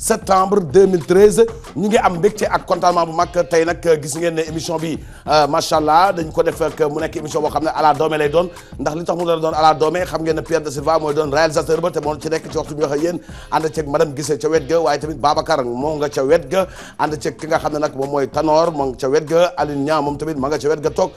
septembre 2013 ñu nge am mbégte ak contentement bu mag tey nag gis ngeen ne émission bi euh, macha allah dañ ko def ak mu nekk émission boo xam ne à la doome doon ndax li tax mu doon à la xam ngeen ne Pierre de Silva mooy doon réalisateur ba te moo ci nekk ci waxtu bi wax ak ceeg madame Guissé ca wet ga waaye tamit Babacar moo nga ca wet ga ànd ceeg ki nga xam ne nag moom mooy Tanor moo nga ca wet ga Aline moom tamit ma nga ca wet ga toog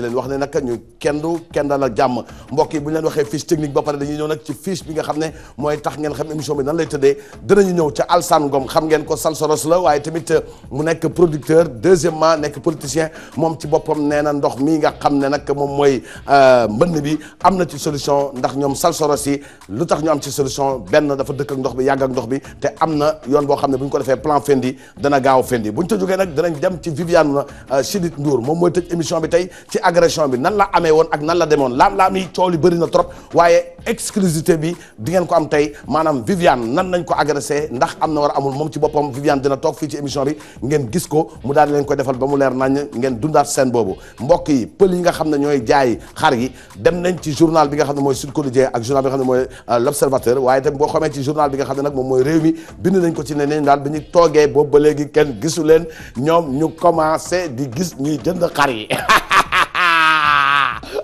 di leen wax ne nag ñu kendu kendal ak jàmm mbokk yi bu ñu leen waxee fiche technique ba pare dañuy ñëw nag ci fiche bi nga xam ne mooy tax ngeen xam émission bi nan lay tëddee danañu ñëw ca Alsaan Ngom xam ngeen ko Salsoros la waaye tamit euh, mu nekk producteur deuxièmement nekk politicien moom ci boppam nee na ndox mii nga xam ne nag moom mooy euh, mbënn bi am na ci solution ndax ñoom Salsoros yi lu tax ñu am ci solution benn dafa dëkk ndox bi yàgg ak ndox bi te am na yoon boo xam ne bu ñu ko defee plan fendi dana gaaw fendi bu ñu nag danañ dem ci Viviane euh, Chidid Ndour moom mooy tëj émission bi tey agression bi nan la amee woon ak nan la demoon laam-laam yi coow li na trop waaye exclusivité bi di ngeen ko am tey maanaam Viviane nan nañ ko agressé ndax am na war a amul moom ci boppam Viviane dina toog fii ci émission bi ngeen gis ko mu daal ko defal ba mu leer nañ ngeen dundaat seen boobu mbokk yi pël yi nga xam ne ñooy jaay xar yi dem nañ ci journal bi nga xam ne mooy Sud Quotidien ak journal bi nga xam ne mooy euh, l'Observateur waaye tamit boo xamee ci journal bi nga xam ne nag moom mooy réew mi bind nañ ko ci ne neñ daal toogee boobu ba léegi kenn gisu leen ñoom ñu commencé di gis ñuy jënd xar yi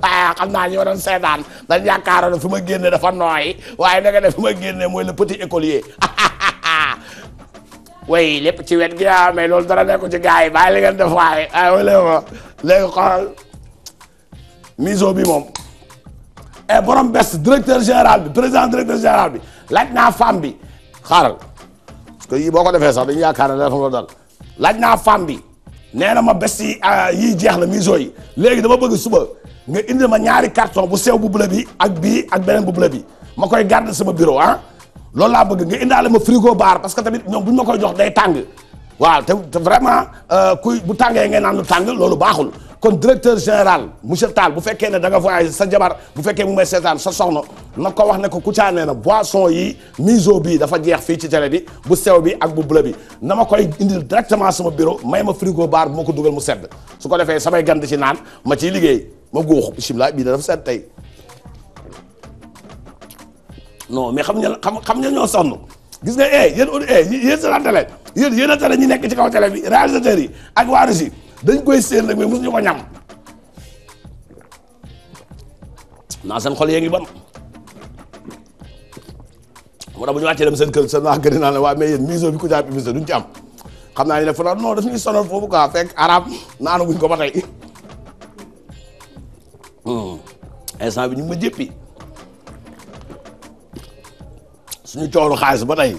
ah xam naa ñi ma doon seetaan dañ yaakaaroon fu ma génne dafa nooy waaye nag ne fu ma génne mooy le petit écolier way lépp ci wet gi ah mais loolu dara nekku ci gars yi bàyyi li ngeen def waaye ah bi moom et eh, borom bés directeur général bi président directeur général bi laaj naa femme bi xaaral parce boo ko defee sax dañu yaakaar ne dafa dal laaj naa femme bi nee na ma besti yi ah, yii jeex na miso yi léegi dama bëgg suba nga indil ma ñaari carton bu sew bu bleu bi ak bii ak beneen bu bleu bi ma koy garder sama bureau ah loolu laa bëgg nga indaale ma frigo baar parce que tamit ñoom bu ñu ma koy jox day tàng waaw te vraiment kuy bu tàngee ngeen naan lu tàng loolu baaxul kon directeur général monsieur Tall bu fekkee ne danga nga voyagé sa jabar bu fekkee mu may seetaan sa soxna na ko wax ne ko caanee nee na boisson yi miso bii dafa jeex fii ci télé bi bu sew bi ak bu bleu bi na ma koy indil directement sama bureau may ma frigo baar bu ma ko dugal mu sedd su ko defee samay gan si naan ma ciy liggéey ma góox bisimilah bii dafa sedd tey non mais xam nga xam nga ñoo sonn gis nga eh yéen yéen yéen a tere ñi nekk ci kaw télé bi réalisateurs yi ak waa Russie dañ koy séen nag mais mosuñu ko ñam naa seen xol yee ngi bon moo bu ñu wàccee dem seen kër seen waa kër yi naan waa mais yéen mission bi ku ca publicité duñ ci am xam naa ne dafa non daf ñuy sonal foofu quoi fekk arab naanu buñ ko ba tey hmm. instant bi ñu ngi ma jéppi suñu coolu xaalis ba tey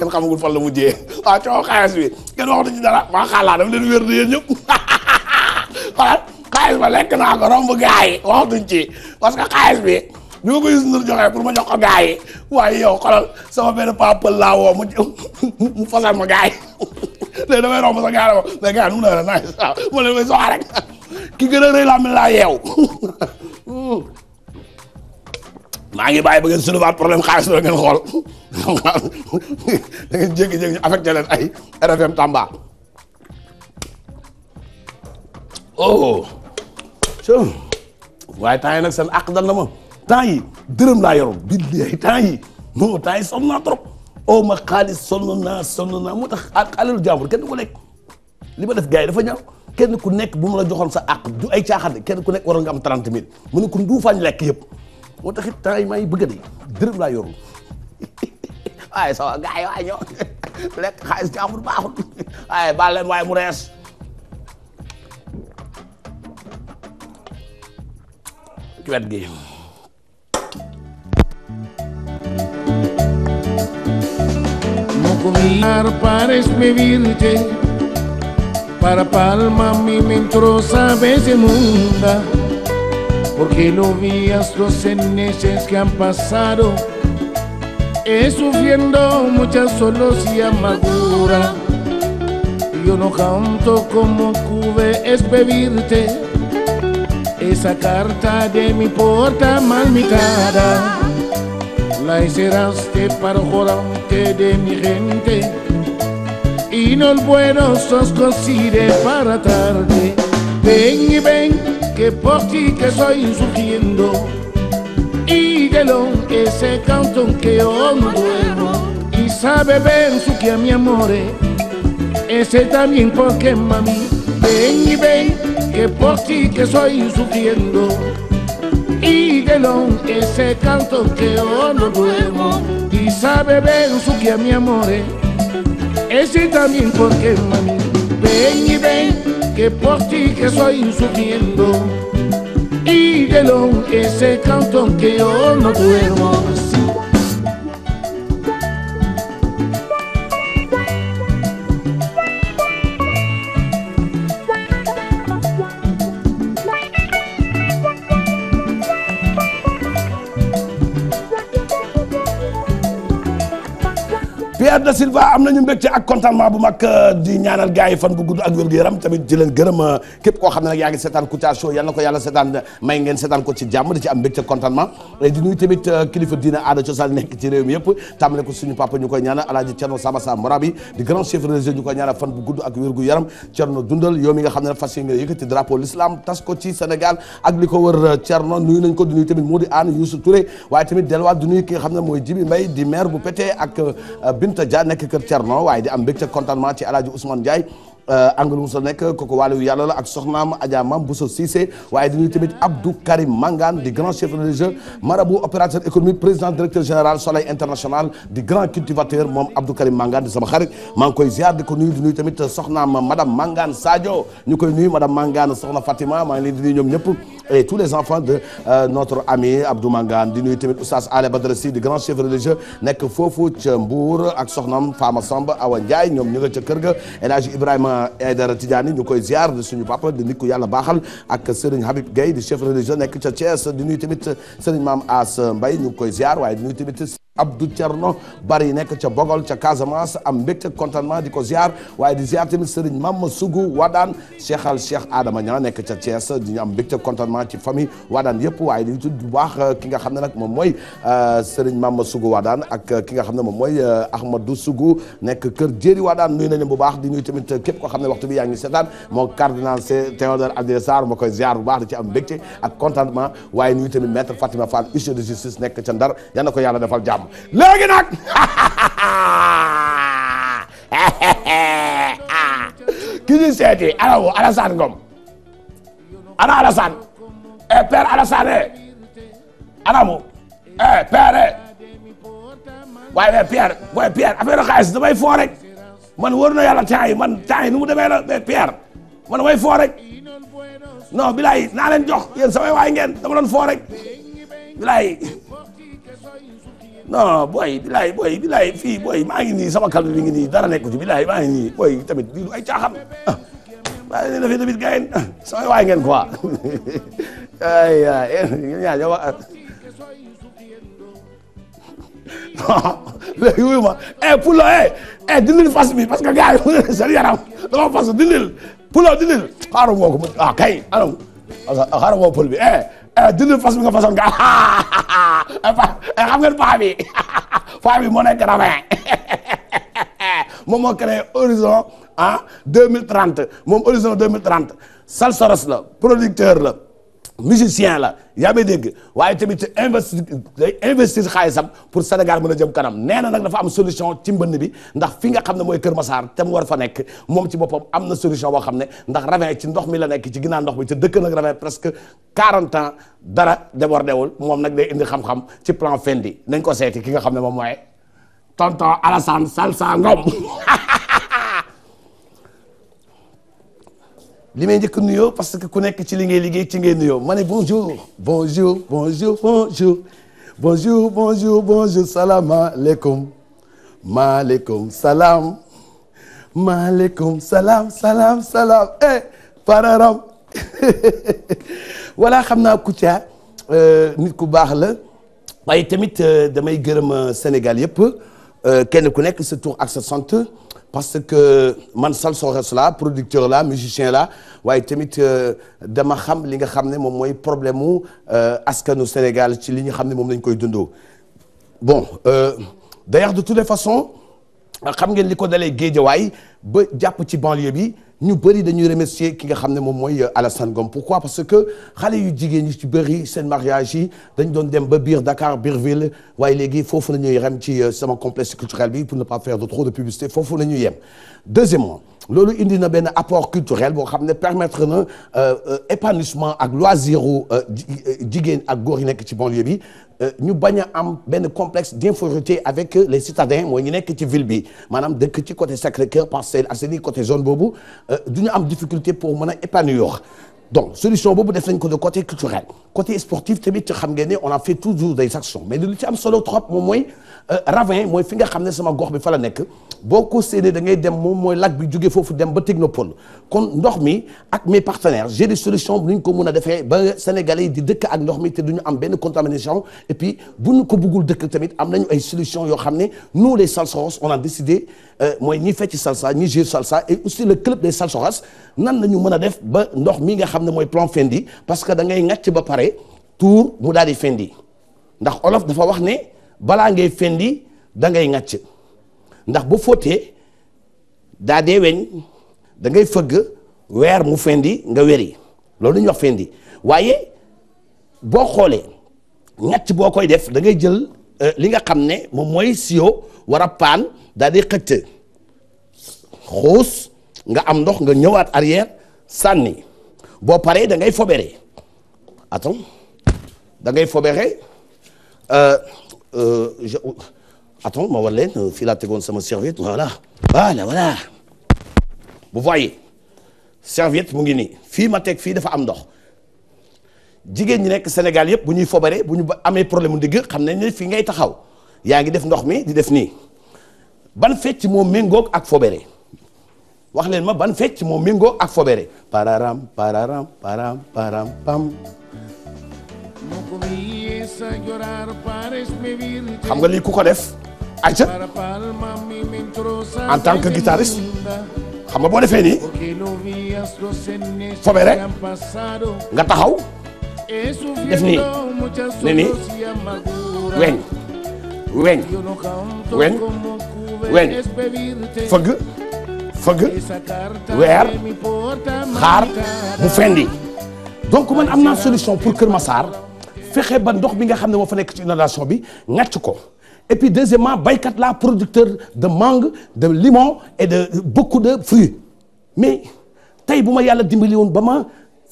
kenn xamagul fan la mujjee waaw coow xaalis kenn waxatu ci dara waa xaalaa daf leen wér di yéen ñëpp xoolal xaalis ba romb gars yi ci parce que xaalis bi bi ma ko Youssou Ndour joxee pour ma benn paa pël laa woo mu mu fasal ma gars romb sa gars yi mais gars yi mu leen may soxla rek ki gën a rëy laa mel yeew maa ngi bàyyi ba ngeen soulever problème xaalis la ngeen xool da ngeen jékki-jékki ñu affecté leen ay RFM Tamba oh waaye temps yi nag seen àq dal na ma temps yi dërëm laa yoroon billahi temps yi non temps yi sonn naa trop oh ma xaalis sonn naa sonn naa moo tax alalu jàmbur kenn du ko lekk li ma def gars yi dafa ñaaw kenn ku nekk bu ma la joxoon sa àq du ay caaxaan kenn ku nekk waroon nga am 30 000 mu ne ku nduufaañ lekk yëpp moo taxit temps yi maa ngi bëgg a dee dërëm laa yorul waaye sama gars yi waaye ñoo lekk xaalis jàmbur baaxul waaye baal leen waaye mu rees ci wet gi no comía para para palma mi me entró sabes de porque no vías los eneches que han pasado, he sufriendo mucha solos y amargura. Yo no canto como cube es pedirte esa carta de mi porta malmitada. La hiceraste para jorante de mi gente y no puedo soscosire para tarde. Ven y ven, que por ti que estoy sufriendo. Y de lo que se canto que yo no duermo. Y sabe ver su que a mi amor. Ese también porque mami. Ven y ven, que por ti que estoy sufriendo. Y de lo que se canto que yo no duermo. Y sabe ver su que a mi amor. Ese también porque mami. Ven y ven. que por ti que soy sufriendo y de lo ese cantón que yo no duermo. Pierre da Silva am nañu mbégte ak contentement bu mag euh, di ñaanal gars fan bu gudd ak wér yaram tamit di gërëm euh, képp koo xam ne nag yaa ngi Show yal ko yàlla seetaan may ngeen seetaan ko ci jàmm di ci am mbégte contentement di nuyu tamit euh, kilifa diina aada cosaan nekk ci réew mi yëpp di grand chef religieux yaram Cerno dundal yow nga xam ne nag fas drapeau l'islam tas ko ci Sénégal ak li ko wër Cerno nuyu nañ ko di nuyu tamit Modou Anne Youssou Touré waaye tamit Aminata Dia nekk kër Thierno waaye di am mbégte contentement ci El Hadj Ousmane Ndiaye Euh, Angalou Moussa nekk kooku wàllu yàlla la ak soxnaam Adja Mam Bousso Cissé waaye dañuy tamit Abdou Karim Mangane di grand chef religieux marabout opérateur économique président directeur général Soleil International di grand cultivateur moom Abdou Karim Mangane di sama xarit maa ngi koy ziar di ko nuyu di nuyu tamit soxnaam madame Mangane Sadio ñu koy nuyu madame Mangane soxna Fatima maa ngi leen di nuyu ñoom ñëpp et tous les enfants de euh, notre ami Abdou Mangane di nuyu tamit Oustaz Ale Badara Sy di grand chef religieux nekk foofu ca Mbour ak soxnaam Fama Samb Awa Ndiaye ñoom ñu nga ca kër ga El Hadj Ibrahima Aydara Tidiane ñu koy ziar di suñu papa di nit yàlla baaxal ak Serigne Habib Gueye di chef religieux nekk ca Thiès di nuyu tamit Serigne Maam As mbay ñu koy ziar waaye di nuyu tamit Abdou Thierno bari nekk ca Bogol ca Casamance am mbégte contentement di ko ziar waaye di ziar tamit Serigne Mama Sougou Wadaan Cheikhal Cheikh Adama Niang nekk ca Thiès di am mbégte contentement ci famille Wadaan yëpp waaye di tudd bu baax euh, ki nga xam ne nag moom mooy euh, Serigne Mama Sougou Wadaan ak euh, ki nga xam ne moom mooy Ahmadou Sougou nekk kër Jéeri Wadaan nuyu nañu bu baax di nuyu tamit képp koo xam ne waxtu bi yaa ngi seetaan moo cardinal Théodore Adrien Sarr moo koy ziar bu baax di ci am mbégte ak contentement waaye nuyu tamit maître Fatima Fall huissier de justice nekk ca Ndar yal na ko yàlla defal jàmm léegi nag ki ñu seeti alawo Alassane Ngom ana Alassane e père Alassane e ana mu e père waaye Pierre booy Pierre affaire xaalis damay foo rek man wóor na yàlla temps yi man temps yi nu mu demee la mais Pierre man damay foo rek non bilaay naa leen jox yéen ngeen dama doon foo non booy bilaay booy bilaay fii booy maa ngi sama kàddu li ngi nii dara nekku ci bilaay maa ngi nii tamit lii du ay caaxaan ah maa ngi dafay tamit gars yi ah, sama waay ngeen quoi ay ay ñaa ah. ma eh Poulo eh eh fas bi parce que gars yi seen yaram fas dindil Poulo dindil xaaral woo ko ah kay xaaral woo pël bi eh. jëndal eh, fas bi nga fasoon nga eh, xam ngeen paa bi paa bi moo nekk ravin moom moo créé horizon ah deux mille trente moom horizon deux mille trente salsoros la producteur la musicien la yaa may dégg waaye tamit investi day investir xaalisam pour Sénégal mën a jëm kanam nee na nag dafa am solution ci mbënn bi ndax fi nga xam ne mooy Kër Massar te mu war fa nekk moom ci boppam am na solution boo xam ne ndax ravin ci ndox mi la nekk ci ginnaaw ndox mi te dëkk nag ravin presque 40 ans dara débordé wul moom nag day indi xam-xam ci plan Fendi nañ ko seeti ki nga xam ne moom mooy tonton Alassane Salsa Ngom li may njëkk nuyoo parce que ku nekk ci li ngay liggéey ci ngay nuyoo ma ne bonjour bonjour bonjour bonjour bonjour bonjour bonjour salaamaaleykum maaleykum salaam maaleykum salaam salaam salaam eh pararam voilà xam naa Kouthia euh, nit ku baax la waaye tamit euh, damay gërëm euh, Sénégal yëpp kenn ku nekk sa tur ak sa sant parce que man salsoores la producteur la musicien la waaye tamit euh, dama xam li nga xam ne moom mooy problème mu euh, askanu Sénégal ci li nga xam ne moom lañ koy dundoo bon euh, d'ailleurs de toutes les façons xam ngeen li ko dalee Guédiawaye ba jàpp ci banlieue bi ñu bëri dañuy remercier ki nga xam ne moom mooy euh, Alassane Ngom pourquoi parce que xale yu jigéen ñi ci bëri seen mariage yi dañ doon dem ba biir Dakar biir ville waaye léegi foofu la ñuy rem ci euh, sama complexe culturel bi pour ne pas faire de trop de publicité foofu la ñuy yem deuxièmement loolu indi na benn apport culturel boo xam ne permettre na euh, euh, épanouissement ak loisiru euh, jigéen ak góor yi nekk ci banlieue bi ñu bañ a am benn complexe d'infériorité avec les citadins mooy ñu nekk ci ville bi maanaam dëkk ci côté Sacré-Cœur Parcelles Assainies côté zone boobu du am difficulté pour mën a épanouir donc solution boobu def nañ ko de côté culturel côté sportif tamit xam ngeen ne on a fait toujours des actions mais lu ci am solo trop moom mooy euh, ravin mooy fi nga xam ne sama gox bi fa la nekk boo ko séenee da dem moom mooy lac bi juge foofu dem ba technopole kon ndox mi ak mes partenaire j'ai des solutions bu ñu ko mën a defee ba sénégalais yi di dëkk ak ndox mi te du ñu am benn contamination et puis bu ñu ko buggul dëkk tamit am nañu ay solution yoo xam ne nous les salsoros on a décidé euh, mooy ñi fecc salsa ñi jouer salsa et aussi le club des salsoras nan la ñu mën a def ba ndox mi nga xam ne mooy plan fendi parce que dangay ngat ba pare tour mu daal di fendi ndax olof dafa wax ne balaa ngay fendi da ngay ŋàcc ndax bu fóotee daa da ngay fëgg weer mu fendi nga weri loolu la ñuy wax fendi waaye boo xoolee ñàcc boo koy def da ngay jël euh, li nga xam ne moom mooy sio war a paan daal di xëcc xuus nga am ndox nga ñëwaat arrière sànni boo pare da ngay fobere attends da ngay fobere euh, euh, attends ma war leen fii laa tegoon sama serviette voilà voilà vous voyez serviette mu ngi nii fii ma teg fii dafa am ndox jigéen ñi nekk Sénégal yëpp bu ñuy fobare bu ñu amee problème mu digg xam nañ ne fii ngay taxaw yaa ngi def ndox mi di def nii ban fecc moo méngoog ak fobare wax leen ma ban fecc moo méngoog ak fobare pararam pararam param param pam xam nga lii ku ko def aca en tant que guitariste xam nga boo defee nii fobe rek nga taxaw def nii ne nii weñ weñ weñ weñ fëgg fëgg weer xaar mu fendi donc man am naa solution pour Kër Massar fexe ba ndox bi nga xam ne moo fa nekk ci inondation bi ngàcc ko et puis deuxièmement baykat la producteur de mangue de limon et de beaucoup de fruits mais tey bu ma yàlla dimbali woon ba ma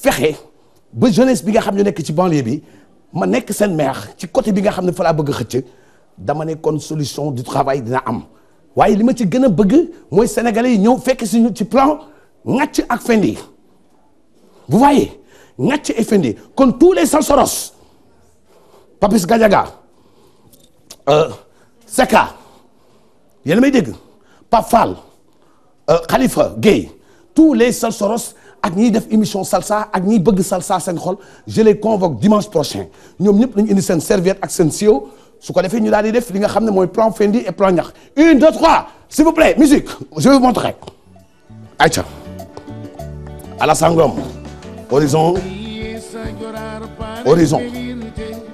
fexe ba jeunesse bi nga xam ne nekk ci banlieue bi ma nekk seen maire ci côté bi nga xam ne fa bëgg xëcc dama ne kon solution du travail dina am waaye li ma ci gën a bëgg mooy sénégalais yi ñëw fekk si ci plan ŋàcc ak fendi vous voyez ŋàcc et fendi kon tous les salsoros Papis Gadiaga euh, Seka yéen may dégg Pape Fall euh, Khalifa Gueye tous les salsoros ak ñiy def émission salsa ak ñiy bëgg salsa sen xol je les convoque dimanche prochain ñoom ñëpp nañu indi seen serviette ak seen sio su ko defee ñu daal di def li nga xam ne mooy plan Fendi et plan ñax une deux trois s'il vous plaît musique je vais vous montrer ayca Alassane Ngom horizon horizon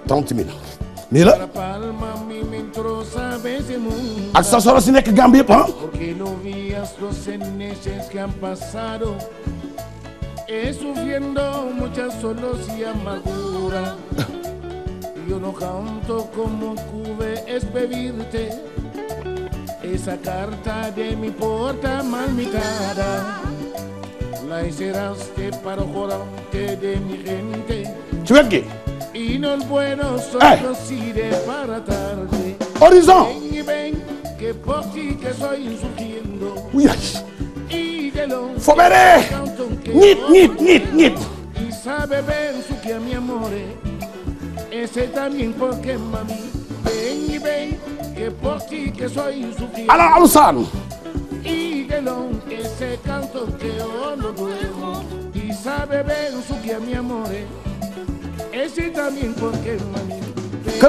30 000 nii la ak sa solo si nekk Gambie yëpp ah. Yo no canto como cube es bebirte esa carta de mi puerta malmitada. La hiceraste para joderte de mi gente. Chueque. Y no puedo solo si de para tarde. horizon. Yes. Fobere. Nit, nit, nit, nit. Y sabe ver su que a mi amor. Ese también porque mami. Ven y ven, que por ti que soy insuficiente. Ala a mi amor. Ese también porque mami. Ven, ¿Qué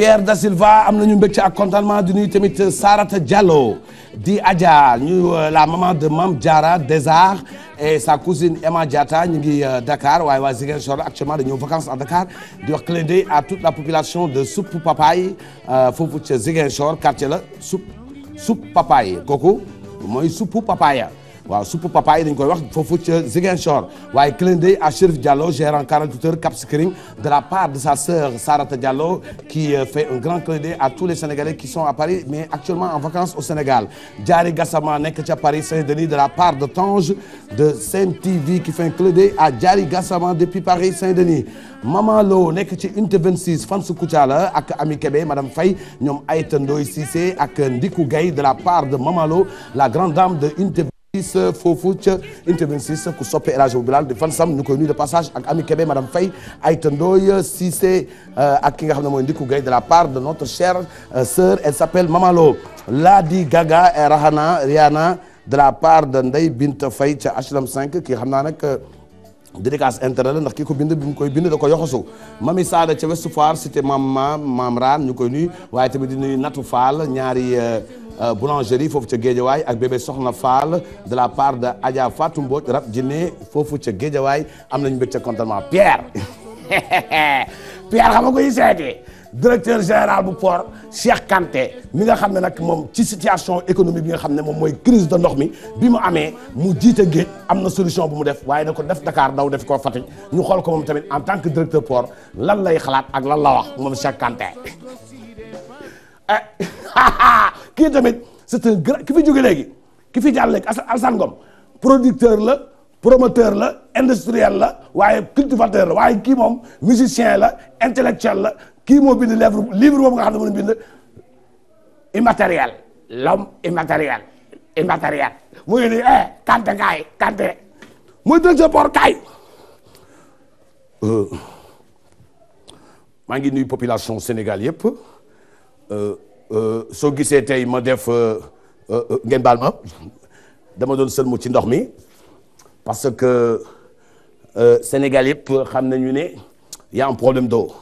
Pierre Da Silva am nañu mbégte ak contentement di nuyu tamit euh, Sarata Diallo di Adja ñu euh, la maman de Mame Diarra Désar et sa cousine Emma Diatta ñu ngi euh, Dakar waaye waa Ziguinchor actuellement dañoo vacances à Dakar di wax clin toute la population de Soupe Papaye foofu ca Ziguinchor quartier la Soupe Soupe Papaye kooku mooy Soupe Papaya waaw suppu papa yi foofu ca Ziguinchor waaye clin d'œil à Chérif Diallo gérant 48 heures Cap Skirring de la part de sa sœur Sarata Diallo qui euh, fait les Sénégalais qui sont à Paris mais actuellement en vacances au Sénégal Diary Gassama nekk ca la part de Tange de Sen TV qui fait un clin d'œil à Diary Gassama depuis Paris saint nekk ci unité 26 fan su Kouthia la ak Ami Kébé Madame Faye ñoom Aïta Ndoye Cissé ak Ndiku Gaye de la part de la grande dame de unité Euh, foofu ca intervention ku soppe El Hadj Bilal di fan sam ñu koy nuyu de passage ak Ami Kébé madame Faye Aïta Ndoye Cissé euh, ak ki nga xam ne mooy Ndiku Gueye de la part de notre chère euh, sœur elle s'appelle Mamalo Lady Gaga et Rahana de la part de Ndeye Binta fay ca HLM 5 ki xam naa nag dédicace intérêt la ndax ki ko bind bi mu koy bind ko yoxosu mami Sada ca West Foire cité mam mam Raan ñu koy nuyu waaye tamit di nuyu Natu Fall ñaari Euh, boulangerie foofu ca Géejawaay ak bébé Soxna Fall de la part de Adja Fatou Mbodj rab jinne foofu ca Géejawaay am nañu mbégte contentement Pierre Pierre xam nga koy seeti directeur général bu port Cheikh kante mi nga xam ne nag moom ci situation économique bi nga xam ne moom mooy crise de ndox mi bi mu amee mu jiite géej am na solution bu mu def waaye da ko def Dakar daw def ko Fatick ñu xool ko moom tamit en tant que directeur port lan lay xalaat ak lan la wax moom ah kii tamit c'est un grand ki fi jóge léegi ki fi jàll léegi Alassane Ngom producteur la promoteur la industriel la waaye cultivateur la waaye kii moom musicien la intellectuel la kii moo bind livre livre boobu nga xam ne mën bind immatériel l'homme immatériel mu ngi nii eh kaay euh, maa ngi nuyu population Sénégal yëpp Euh, euh, soo gisee tey ma def euh, ngeen baal ma dama doon sëlmu ci ndox mi parce que Sénégal yëpp xam nañu ne y a un problème d'eau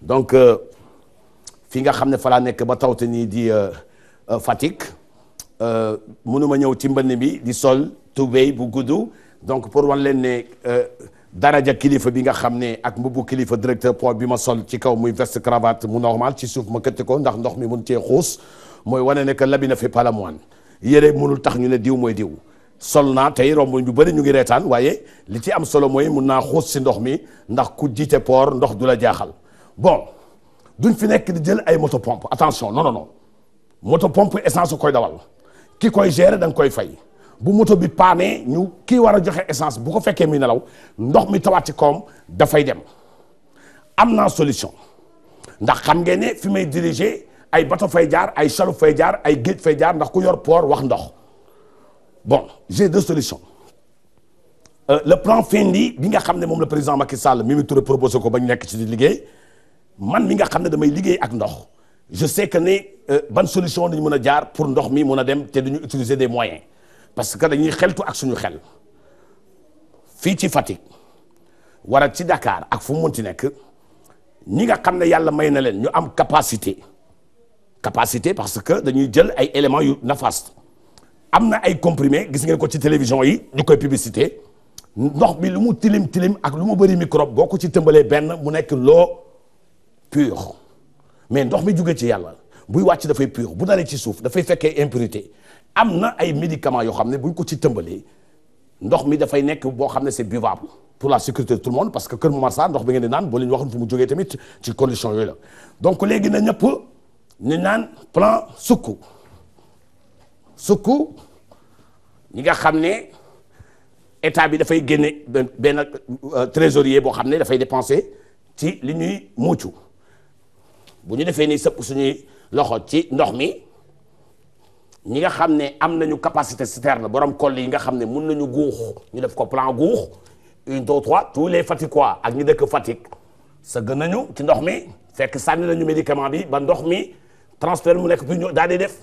donc fi nga xam ne fa nekk ba taw te nii di Fatick mënuma ñëw ci mbënn bi di sol tubéy bu gudd donc pour wan leen ne daraja kilifa bi nga xam ne ak mbubbu kilifa directeur port bi ma sol ci kaw muy veste cravate mu normal ci suuf ma këtti ko ndax ndox mi mun cee xuus mooy wane ne que labi na fi palamoine yére mënul tax ñu ne diw mooy diw sol naa tey romb ñu bëri ñu ngi reetaan waaye li ci am solo mooy mun naa xuus si ndox mi ndax ku jiite port ndox du la jaaxal bon duñ fi nekk di jël ay moto pompe attention non non moto pompe essence koy dawal ki koy gérer danga koy fay bu moto bi paanee ñu kii war a joxe essence bu ko fekkee muy nelaw ndox mi tawaat ci koom dafay dem am naa solution ndax xam ngeen ne fi may diriger ay bato fay jaar ay chaloupe fay jaar ay géej fay jaar ndax ku yor port wax ndox bon j'ai deux solutions euh, le plan Fendi bi nga xam ne moom le président Macky Sall Mimi Touré proposé ko ba nekk ci di liggéey man mi nga xam ne damay liggéey ak ndox je sais que ne euh, ban solution dañu mën a jaar pour ndox mi mën a dem te duñu utiliser des moyens parce que dañuy xeltu ak suñu xel fii ci Fatick wara ci dakaar ak fu mu munti nekk ñi nga xam ne yàlla may na leen ñu am capacité capacité parce que dañuy jël ay éléments yu nafas am na ay comprimé gis ngeen ko ci télévision yi ñu koy publicité ndox bi lu mu tilim tilim ak lu mu bëri microbe boo ko ci tëmbalee benn mu nekk loo pure mais ndox mi jógee ci yàlla buy wàcc dafay pur bu dalee ci suuf dafay fekkee impurité am na ay médicaments yoo xam ne buñ ko ci tëmbalee ndox mi dafay nekk boo xam ne c'est buvable pour la sécurité de tout le monde parce que Kër Momar Sarr ndox bi ngeen di naan boo leen waxoon fu mu jógee tamit ci condition yooyu la donc léegi na ñëpp ñu naan plan sukku sukku ñi nga xam ne état bi dafay génne benn euh, trésorier boo xam ne dafay dépenser ci li ñuy muucu bu ñu defee ni sëpp suñuy loxo ci ndox mi ñi nga xam ne am nañu capacité citerne borom koll yi nga xam ne mun nañu guux ñu def ko plan guux une deux trois tous les Fatikois ak ñu dëkk Fatick sëgg nañu ci ndox mi fekk sànni nañu médicament bi ba ndox mi transfert mu nekk du ñu daal di def.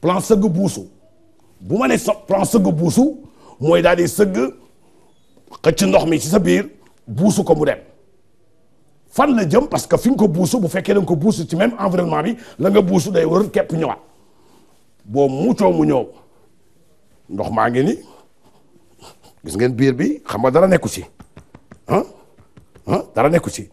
plan sëgg buusu bu ma ne so plan sëgg buusu mooy daal di sëgg xëcc ndox mi ci sa biir buusu ko mu dem fan la jëm parce que fi nga ko buusu bu fekkee da nga ko buusu ci même environnement bi la nga buusu day wër képp ñëwaat boo muccoo mu ñëw ndox maa ngi ni gis ngeen biir bi xam nga dara nekku ci ah ah dara nekku ci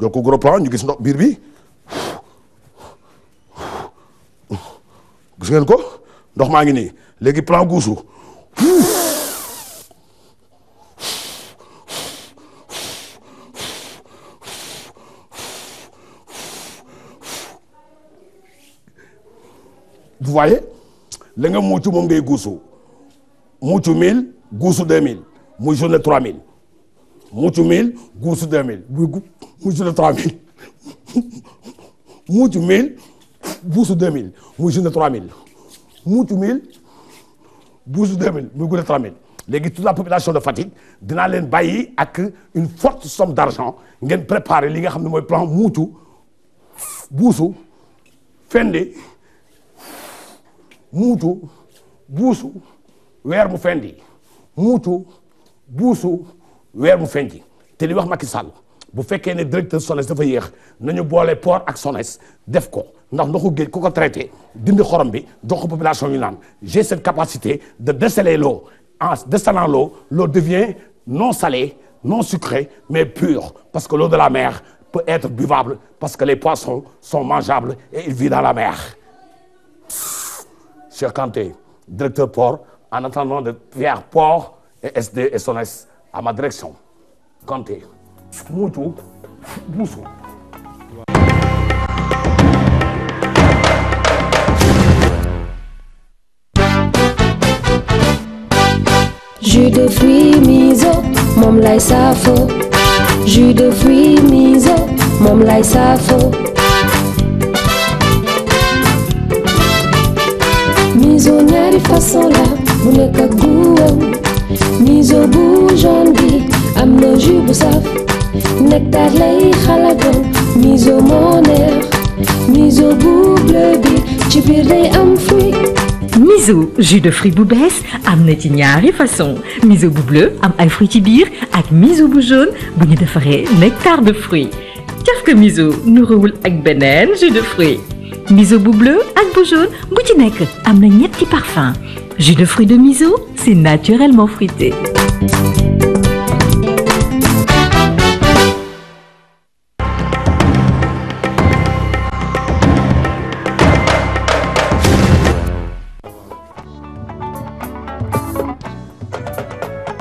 donc gros plan ñu gis ndox biir bi gis ngeen ko ndox maa ngi nii léegi plan guusu vous voyez la nga muucu moom ngay guusu muucu mille guusu deux mille muy journée trois mille Muccu 1000 guusu 2000 buy gu muccu na 3000 deux 1000 guusu 2000 muy junne 3000 muccu 1000 guusu 2000 muy guddee 3000 léegi toute la population de Fatick dinaa leen bàyyi ak une forte somme d'argent ngeen préparer li nga xam ne mooy plan muccu buusu fendi muutu buusu weer mu fendi muutu buusu weer bu fenki te li wax Macky Sall bu fekkee ne directeur SONES dafa yéex nañu boole port ak SONES def ko ndax ko géej ku ko traité dindi xorom bi jox ko population ñu naan j'ai cette capacité de dessaler l'eau en dessalant l'eau l'eau devient non salée non sucrée mais pure parce que l'eau de la mer peut être buvable parce que les poissons sont mangeables et ils vivent dans la mer Cheikh Kanté directeur port en attendant de faire port et SD et SONES à ma direction Kanté Mojo Bousso jus de fruits miso moom lay safo jus de fruits miso moom lay safo miso ñaari façon la bu nekk ak guwam miso bu jaune bi am na jus bu saf nectar lay xalaatoon miso moo miso bu bleu bi ci biir am fruit. miso jus de fruit bu bees am na ci ñaari façon miso bu bleu am ay fruit i biir ak miso bu jaune bu ñu defaree nectar de fruit caf ka miso nuróowul ak beneen jus de fruit miso bu bleu ak bu jaune bu ci nekk am na ñetti parfum Jus de fruits de miso, c'est naturellement fruité.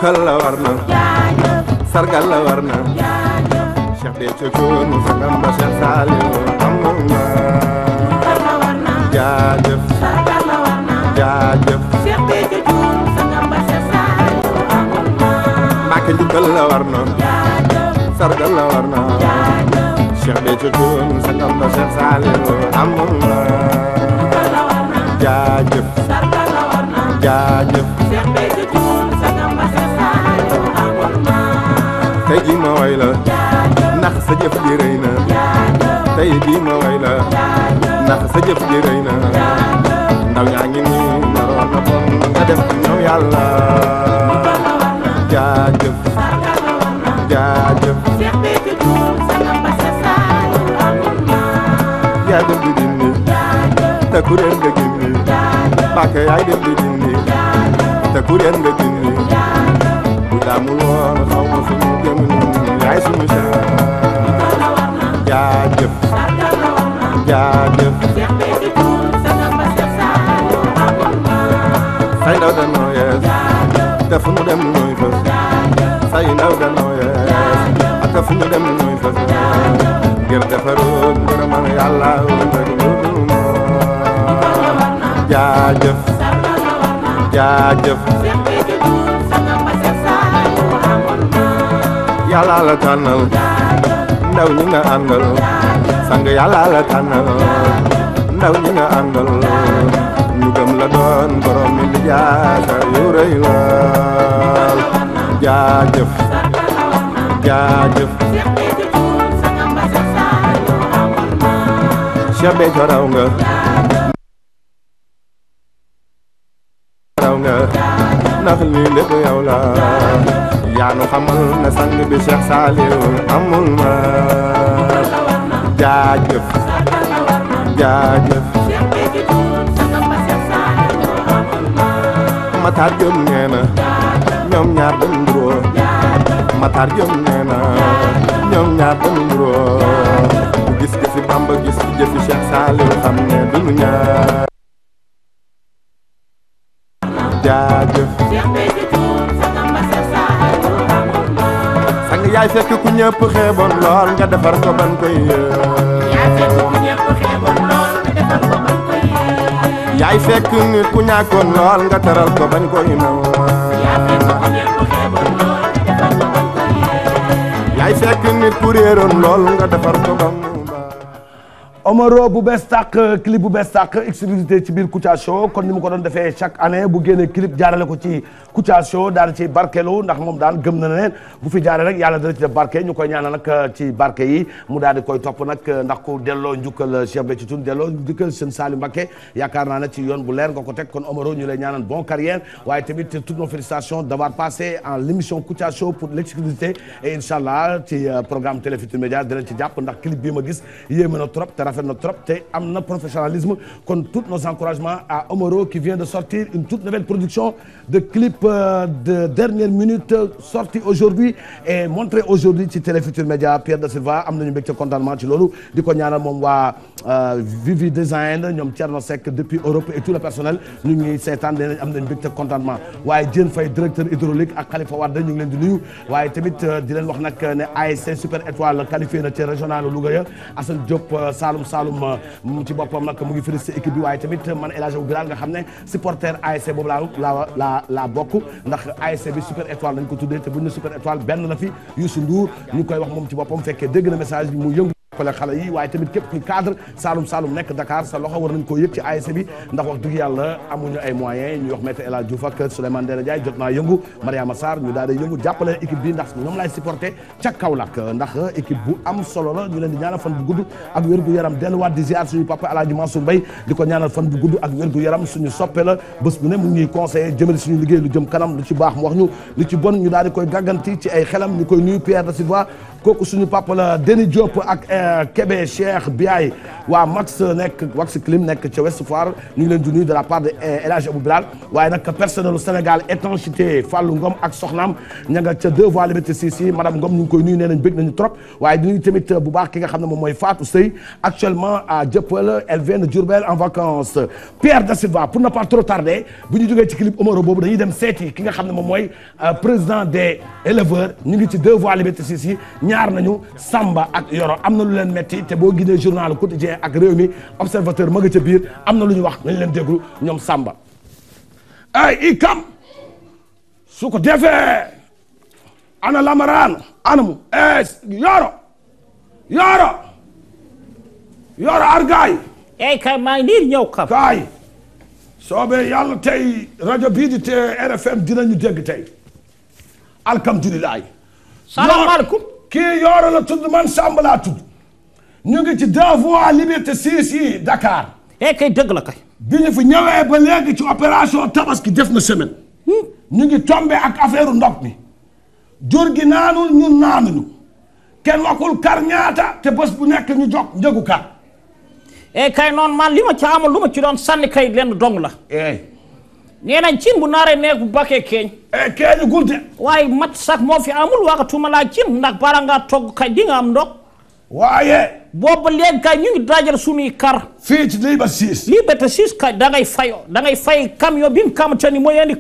kal la war na sargal la war na Cheikh Béthio Thioune sangam ba Cheikh Saliou am na jaajëf te jubbal la war na sargal la war na Cheikh de ci tuun sa ngam ba Cheikh Saliou amoon na jaajëf jaajëf tey ji ma way la ndax sa jëf ji rëy na tey ji ma way la ndax sa jëf ji rëy na ndaw ñaa ngi nii naroon na bon nga def ñoom yàlla Mbàkke yaay dem di dindi te ku dem nga dindi bu daamul woon xaw ma fu ñu jëm yaay suñu seen jaajëf jaajëf say ndaw da noo yees te fu ñu dem nooy fës say ndaw da noo yees ak fu ñu dem nooy fës ngir defaroon ngërëmal yàlla woon rek jaajëf jaajëf yàlla la tànnal ndaw ñi nga àndal sang yàlla la ndaw ñi nga àndal ñu la doon borom mi di jaasa yu rëy jaajëf jaajëf Cheikh Béthio raw nga yow nga ndax lii lépp yow la yaa nu xamal na sang bi Cheikh Saliou amul ma jaajëf ñoom ñaar dem nduroo Matar Jom nee gis-gisi Bamba gis ci jëfi Cheikh Saliou xam ne duñu ñaar jaajëf sang yaay fekk ku ñëpp xeeboon lool nga defar ko ban koy yaay fekk nit ku ñàkkoon lool nga teral ko bañ koy noo yaay fekk nit ku réeroon lool nga defar ko bam Omaro bu bees tàq clip bu bees tàq exclusivité ci biir Kouthia Show kon ni mu ko doon defee chaque année bu génnee clip jaarale ko ci Kouthia Show daal ci barkeelu ndax moom daal gëm na ne bu fi jaaree rek yàlla dana ci def barke ñu koy ñaanal nag euh, ci barke yi mu daal di koy topp nag euh, ndax ku delloo njukkal euh, Cheikh Béthio Thioune delloo njukkal seen Saliou Mbacké yaakaar naa ne ci yoon bu leer nga ko teg kon Omaro ñu lay ñaanal bon carrière waaye tamit toutes nos félicitations d'avoir passé en l'émission incha allah ci programme Télé Futurs ci jàpp ndax clip bii ma gis yéeme na trop rafet trop te am na professionnalisme kon tous nos encouragements à Omoro qui vient de sortir une toute nouvelle production de clip euh, de dernière minute sorti aujourd'hui et montré aujourd'hui ci Télé Futur Média Pierre da Silva am nañu mbégte contentement ci loolu di ko euh, depuis Europe et tout le personnel ñu ngi seetaan dinañ am nañu mbégte contentement directeur hydraulique ak Khalifa Wade ñu ngi leen di nuyu waaye tamit euh, di leen wax nag saalum mu ci boppam nag mu ngi félicité équipe bi waaye tamit man El Hadj Birane nga xam ne supporter ASC boobu la la laa bokk ndax ASC bi super étoile lañ ko tuddee te buñ ne super étoile benn la fi Youssou Ndour ñu koy wax moom ci boppam fekkee dégg na message bi mu yëngu jàppale xale yi waaye tamit képp kuy cadre Saalum Saalum nekk Dakar sa loxo war nañ koo yëpp ci ay bi ndax wax dëgg yàlla amuñu ay moyen ñu wax maître El Hadj Diouf ak Souleymane Ndéla Ndiaye jot naa yëngu Mariama Sarr ñu daal di yëngu jàppale équipe bi ndax ñoom laay supporté ca Kaolack ndax équipe bu am solo la ñu leen di ñaanal fan bu gudd ak wér gu yaram delluwaat di ziar suñu papa El Hadj Mansour Mbaye di ko ñaanal fan bu gudd ak wér gu yaram suñu soppe la bés bu ne mu ngi conseillé jëmale suñu liggéey lu jëm kanam lu ci baax mu wax ñu lu ci bon ñu daal di koy gàgganti ci ay xelam ñu kooku suñu papa la Denis Diop ak euh, Kébé Cheikh Biaye waa Max nekk Max Clim nekk ca Ouest Foire ñu ngi leen di nuyu de la part de euh, El Hadj Abou waaye nag personnel u Sénégal étanchéité Fallou Ngom ak soxnaam ña nga ca deux voies liberté si si madame Ngom ñu ngi koy nuyu nee nañ bëgg nañu trop waaye di euh, bu baax ki nga xam ne moom mooy Fatou Sey actuellement à Dieuppeul elle vient de Diourbel en vacances Pierre Da Silva pour ne pas trop tarder bu ñu jógee ci clip omoro boobu dañuy dem seeti ki nga xam ne moom mooy président des éleveurs ñu ngi ci deux voies liberté si ñaar nañu Samba ak Yoro am na lu leen metti te boo gisee journal quotidien ak réew mi observateur ma nga ca biir am na lu ñu wax nañ leen déglu ñoom Samba ay ikam su ko defee ana lamaraan anamu eh, Yoro Yoro Yoro argaay ey eh, kay maa ngi nii kam kaay soobee yàlla tey rajo bii di te RFM dinañu dégg tey alhamdulilah salaamaaleykum kii Yoro la man Samba ñu ngi ci deux voies liberté six yi Dakar. eh kay dëgg la kay. bi ñu fi ñëwee ba léegi ci opération tabaski def na semaine. Hmm? ñu ngi tombé ak affaire ndox mi. jur gi naanul ñun naanuñu. kenn waxul kar ñaata te bés bu nekk ñu jog njëgu kar. eh kay noonu man li ma ci amul lu ci doon sànni kay lenn dong la. Eh. nee nañ cin bu naaree nekk bu bakkee keeñ. Eh, keeñu gulte. waaye mat sax moo fi amul waxatuma laa cin ndax bara ngaa togg kay di nga am ndox. waaye. boobu léegi kay ñu ngi dajal suñuy kar. fii ci Liberté 6. Liberté 6 kay da ngay fayoo da fay camion bi nga xamante ni mooy indi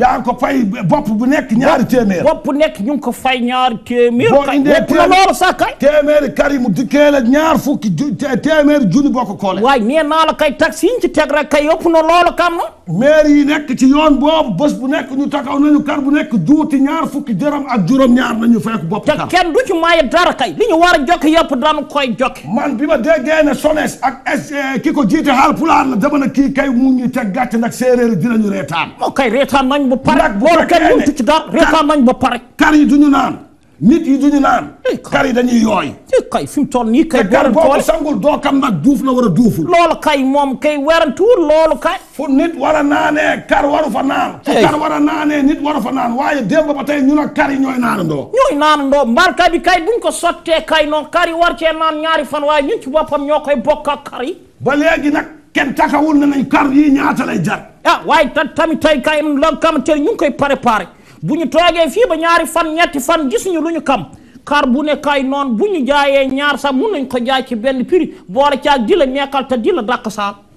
yaa ko fay bopp bu nekk ñaari téeméer. bopp bu nekk ñu ngi ko fay ñaari téeméer. boo indee téeméer kay loolu sax mu dikkee la ñaar fukki ju téeméeri junni boo ko koolee. waaye nee naa kay taxi yi ñu ci teg rek kay yëpp na loolu kam na. maire yi nekk ci yoon boobu bés bu nekk ñu takaw nañu kar bu nekk juuti ñaar fukki dërëm ak juróom-ñaar nañu fay ko bopp kar. te kenn du ci dara kay li ñu war a jokk yëpp koy jokk ok man bi ma déggee ne Sones ak S eh, ki ko jiite Haal Pulaar la dama ne kii kay mu ngi teg gàcce nag séeréer dinañu reetaan. ok reetaan nañ ba pare. nag bu fekkee ne loolu kenn mënut ci dara reetaan nañ ba pare. kar yi du ñu naan. nit yi duñu naan. Eh, kar yi dañuy yooy. Eh, kay fi mu toll nii kay. boole boo ko sangul a duuful. loolu kay moom kay werantuur loolu kay. fu nit wara a naanee kar waru fa naan. fu eh. kar war a naanee nit waru fa naan waaye démb ba tey ñu ne kar yi ñooy naanandoo. ñooy naanandoo mbarka bi kay buñ ko sottee kay noonu kar yi war cee naan ñaari fan waaye ñun ci boppam ñoo koy bokk ak kar yi. ba léegi nag kenn takawul na nañ kar yii ñaata lay jar. Ah, waaye tamit tey kay loo xamante ni ñu ngi koy préparé. bu ñu toogee fii ba ñaari fan ñetti fan gisuñu lu ñu kam kar bu ne kay noon bu ñu jaayee ñaar sax mun nañ ko jaay ci benn prix boole caag di la nekkal te di la dàq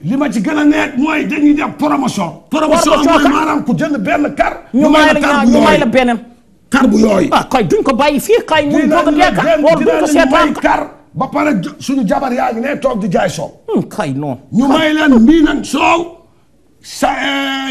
li ma ci gën a neex mooy dañuy def promotion. promotion mooy maanaam ku jënd benn kar. ñu may la ñaar ñu may la beneen. kar bu yooyu. Ah, kay duñ ko bàyyi fii kay. muy bëgg a deekar loolu duñ ko seetaan ba pare suñu jabar yaa ngi ne toog di jaay soow. Hmm, kay noon ñu may leen mbii nag soow. sa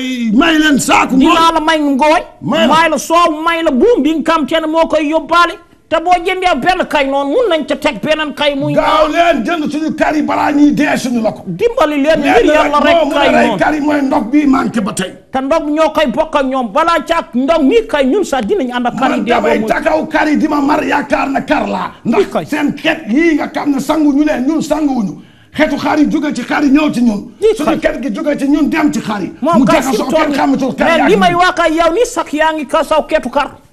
eh, may leen saaku. dinaa la may ngooñ. may la soow may la buum bi nga xam ne moo koy yóbbaale. te boo jëndee benn kay noonu mun nañ ca teg beneen kay. muy gaaw leen jënd suñu kari balaa ñuy dee suñu la ko. dimbali leen ngir yàlla rek kay noonu kari mooy ndog bii manqué ba tey. te ndog ñoo koy bokk ak ñoom balaa ca ndog mii kay ñun sax dinañ ànd ak. kari dee mooy man damay takaw kari di na kar laa. ndax seen xeet yii nga xam ne leen ñun sanguwuñu. xeetu xaar yi jóge ci xaar yi ñëw ci ñun. suñu kër gi jóge ci ñun ci xaar yi. mu jaxasoo kenn xamatul kër yaa ngi may wax ak yow ni sax yaa ngi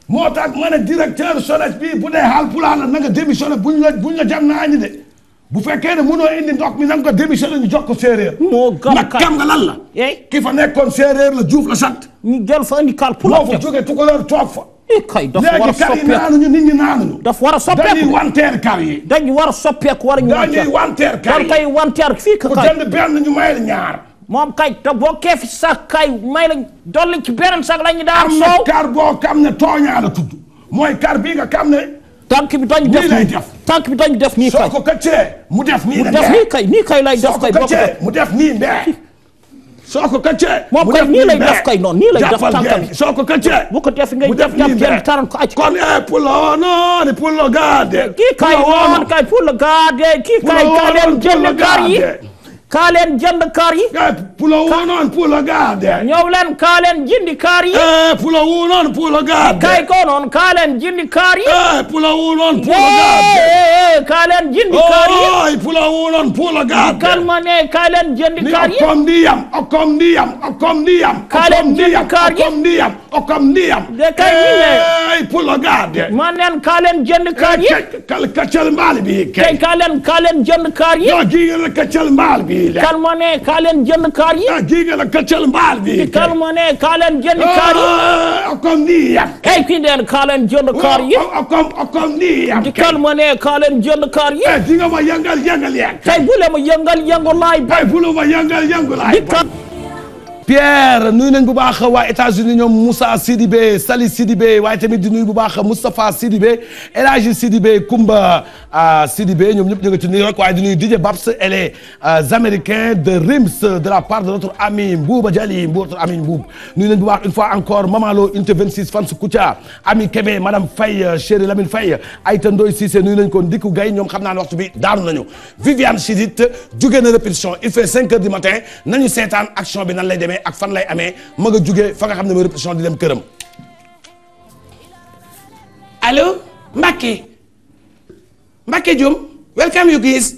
moo ma ne directeur SONES bi bu dee xaal pulaar la na nga démissionné buñ la buñ la jam naa ñu de bu fekkee ne mënoo indi ndox mi na nga ko démissionné ñu jox ko séeréer. moo gam nag kam nga lan la. Eh? ki fa nekkoon séeréer la Diouf la sant. ñu jël fa indi kaal pulaar. moo fa jóge tukulóor toog fa. Eh, kay dafa war a soppeeku léegi kar yi naanuñu nit ñi naanuñu. dafa war a soppeeku dañuy wanteer kar yi. dañu war a soppeeku war ñu wanteer dañuy wanteer kar yi kon kay wanteer fii ka kay. ku jënd benn ñu may la ñaar. moom kay te boo kee fi sax kay may la dolli ci beneen sax la ñu daan soow. am na kar boo xam ne tooñaa la tudd mooy kar bii nga xam ne. tànk bi dañ def nii lay def tànk bi dañ def nii kay. soo ko këccee mu def nii la mu def nii kay nii kay lay def kay. soo ko këccee mu def nii ndee. soo ko këccee. mu def nii lay def kay noonu nii lay def tànkam soo ko këccee. bu ko def ngay def jàpp jënd taran ko aj. kon eh pulo noonu pulo gaade. kii kay noonu kay pulo gaade. kii kay gaade jënd gaar yi. kaa leen jënd kaar yi pulo wuunoon pulo gaade ñëw leen kaa leen jindi kaar yi pulo wuunoon pulo gaade kay ko noon kaa leen jindi kaar yi pulo wuunoon pulo gaade kaa leen jindi kaar yi pulo wuunoon pulo gaade kalma ne kaa leen jëndi kaar yi okom ndiyam okom ndiyam okom ndiyam kaa leen jëndi kaar yi okom ndiyam okom ndiyam de kay mine pulo gaade man nen kaa leen jëndi kaar yi kacal mbaal bi kay kaa leen kaa leen jënd kaar yi no jigéen kacal mbaal bi kal moo ne kaa leen jënd kaar yi. ah kii la këccël mbaal bi. kal moo ne kaa leen jënd kaar yi. ah comme nii yàq. eh kii leen kaa leen jënd kaar yi. ah comme comme nii yàq. kal moo ne kaa leen jënd kaar yi. eh di nga ma yëngal yëngal yàq. tey bu leen ma yëngal yëngu laay. tey eh, bu leen ma yëngal yëngu laay. Pierre nuyu nañ bu baax waa États-Unis ñoom Moussa Sidibé Sali Sidibé waaye tamit di nuyu bu baax Moustapha Sidibé El Hadji Sidibé Kumba ah, Sidibé ñoom ñëpp ñu ngi ci New York waaye di nuyu DJ Babs et les ah, Américains de Rims de la part de notre ami Mbouba Dialli notre ami Mboub nuyu nañ bu baax une fois encore Maman Lo Unité 26 Fans Kouthia Ami Kébé Madame Faye euh, Chéri Lamine Faye Aïta Ndoye Cissé nuyu nañ ko Ndiku Gaye ñoom xam naa ne waxtu bi daanu nañu Viviane Chidid jóge na répétition il fait 5 heures du matin nañu seetaan action bi nan lay demee demee ak fan lay amee ma nga jugee fa nga xam ne mooy répétition di dem këram allo Mbacke Mbacke Diom welcome you guys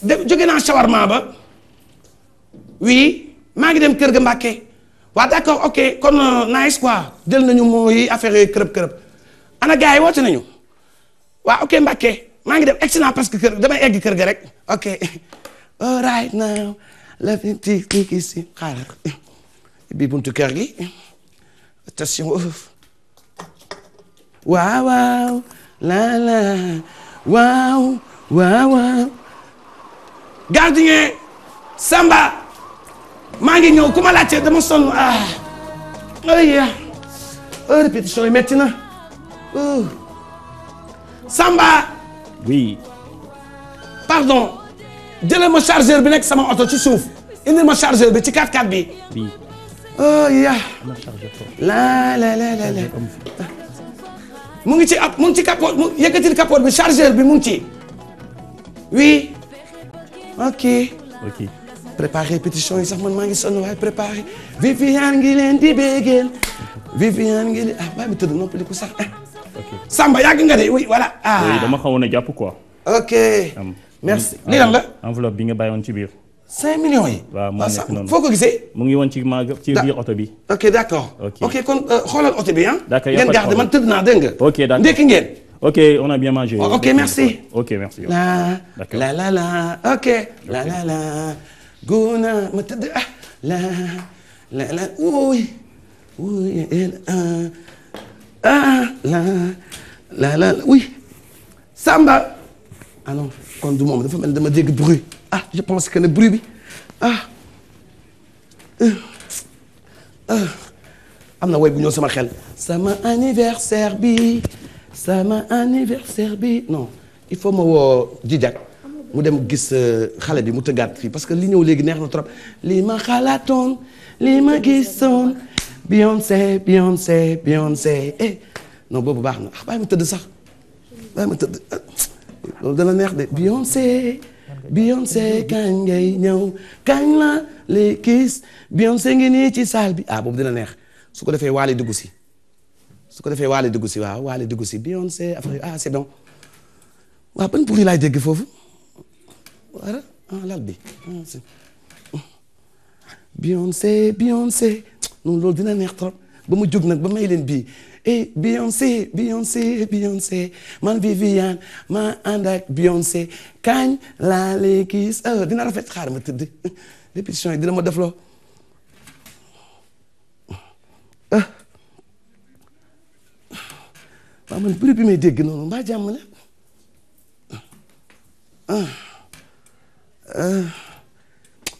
de jóge naa shawarma ba oui maa ngi dem kër ga Mbacke waa d'accord ok kon euh, nice quoi jël nañu mooy affaire yooyu kërëb kërëb ana gars yi woote nañu waa ok Mbacke maa ngi dem excellent parce que kër damay egg kër ga rek ok all right now la ci kii kii si xaaral bi buntu kër gi attention waaw waaw la la waaw waaw waaw gardien Samba maa ngi ñëw ku ma laajte dama sonn ah oh, aywa oh, répétition yi métti na oh. Samba. pardon. jëlee ma charger bi nekk sama oto ci suuf indi ma chargeur bi ci 4 x bi. bii. oh ya. la mu ngi ci ab mu ngi ci capot mu yëkkatil capot bi chargeur bi mu ngi ci. oui. ok. yi sax man maa ngi sonn waaye préparer. Viviane ngi leen di béggeel. Viviane ah baa bi tëdd noppali ko sax. Samba yàgg nga de oui voilà. ah jàpp quoi. ok. merci li la. enveloppe bi nga bàyyi woon ci biir. 5 millions ah, ko gisee. mu ngi woon ci ma ci biir oto bi. ok d' accord. ok kon euh, oto bi ah. d' accord ngeen garde man ok d' accord ok on a bien mangé. Oh, la la la guna ma tëdd ah la la la ah, ah, Samba. ah non kon du moom dafa mel dama dégg bruit ah je pense que ne bruit bi ah, euh, ah. am na woy bu ñëw sama xel sama anniversaire bi sama anniversaire bi non il faut ma woo jijak mu dem gis euh, xale bi mu tëggaat fii parce que li ñëw léegi neex na trop li ma xalaatoon li ma gisoon Beyoncé Beyoncé Beyoncé eh non boobu baax na ah bàyyi ma tëdd sax bàyyi ma tëdd loolu dana neex de Beyoncé Beyoncé kañ ngay ñëw kañ la les kiss Beyoncé ngi nii ci salle bi ah da dina neex su ko defee waale dugg si su ko defee waale dugg si waaw waale si Beyoncé affaire ah c'est bon waaw ban bruit foofu wala ah lal bi ah, Beyoncé Beyoncé noonu loolu dina neex trop ba mu jóg nag ba may leen bii. eh Beyoncé Beyoncé Beyoncé man Viviane ma ànd Beyoncé kañ laa lay gis ah, dina rafet xaar ma tëdd répétition yi dina ma def loo ah. waaw man bruit bi may dégg noonu mbaa jàmm la ah.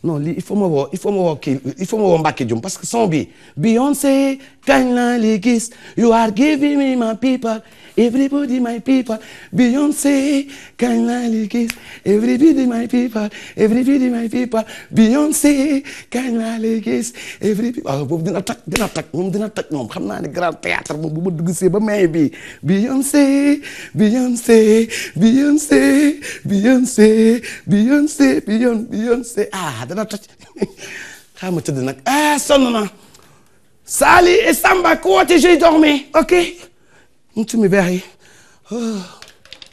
non lii il faut ma woo il faut ma woo kii il faut ma woo Mbacke Dioum parce que son bi Beyoncé kañ la li gis you are giving me my people everybody my people Beyoncé kañ la li gis everybody my people everybody my people Beyoncé kañ la li gis everybody waaw boobu dina tag dina tag moom dina tag moom xam naa ne grand théâtre moom bu ma dugg see ba may bi Beyoncé Beyoncé Beyoncé Beyoncé Beyoncé Beyoncé ah dana toj xaa ma nag ah sonn na Sali et Samba ku woote j'ai dormi ok mu sumi veer yi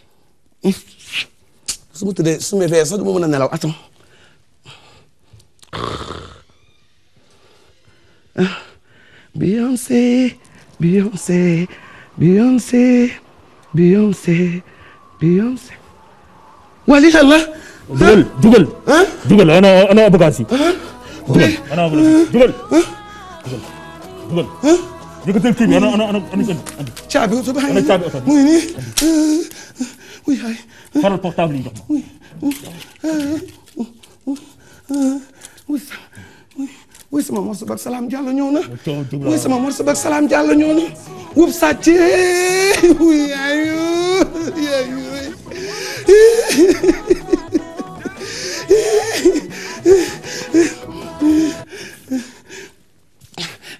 su ma tëddee sumi veer sax du ma mën a nelaw attends Beyoncé Beyoncé Beyoncé Beyoncé Beyoncé waa dugal dugal. dugal on a on a avocat dugal on a avocat dugal. dugal. yëkkatil kii bi on a on a on a. caabi oto bi mu ngi nii oui ay. faral portable yi jox ma. wuy sama morso bak salaam jàll ñëw na wuy sama morso bak salaam jàll ñëw na wub sàcc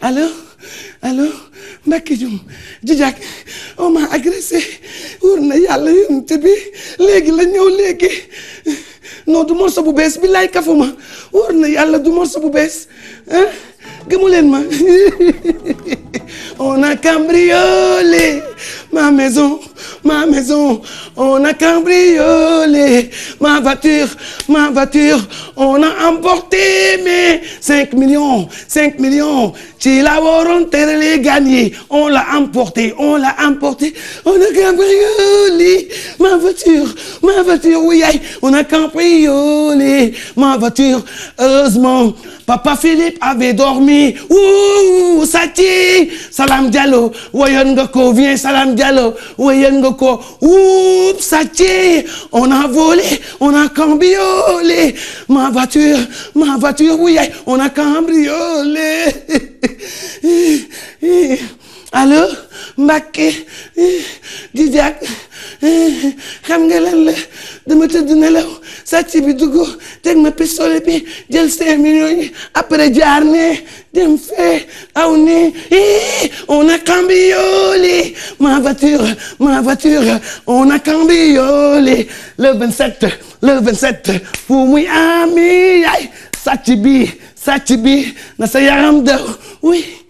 alo alo Mbacke Dioum Djidiack on m'a agressé wóor na yàlla yonent bi léegi la ñëw léegi non du morso bu bees bi laay kafuma wóor na yàlla du morso bu bees ah leen ma. on a cambriolé ma maison, ma maison, on a cambriolé ma voiture, ma voiture, on a emporté mes 5 millions, 5 millions, ci la waroon terele gagné, on l'a emporté, on l'a emporté, on a cambriolé ma voiture, ma voiture, oui, on a cambriolé ma voiture, heureusement, papa Philippe avait dormi, ouh, ça tient, ça Salam Diallo woyoon nga ko viens Salam Diallo woyoon nga ko oups on a volé on a cambriolé ma voiture ma voiture oui on a cambriolé allo Mbacké di xam nga lan la dama tëdd nelaw sàcc bi dugg teg ma pistolet bi jël cinq millions yi après jaar ne dem fee aw ne on a cambriolé ma voiture ma voiture on a cambriolé le 27 le 27 fu muy ami yaay sàcc bi sàcc bi na sa yaram daw oui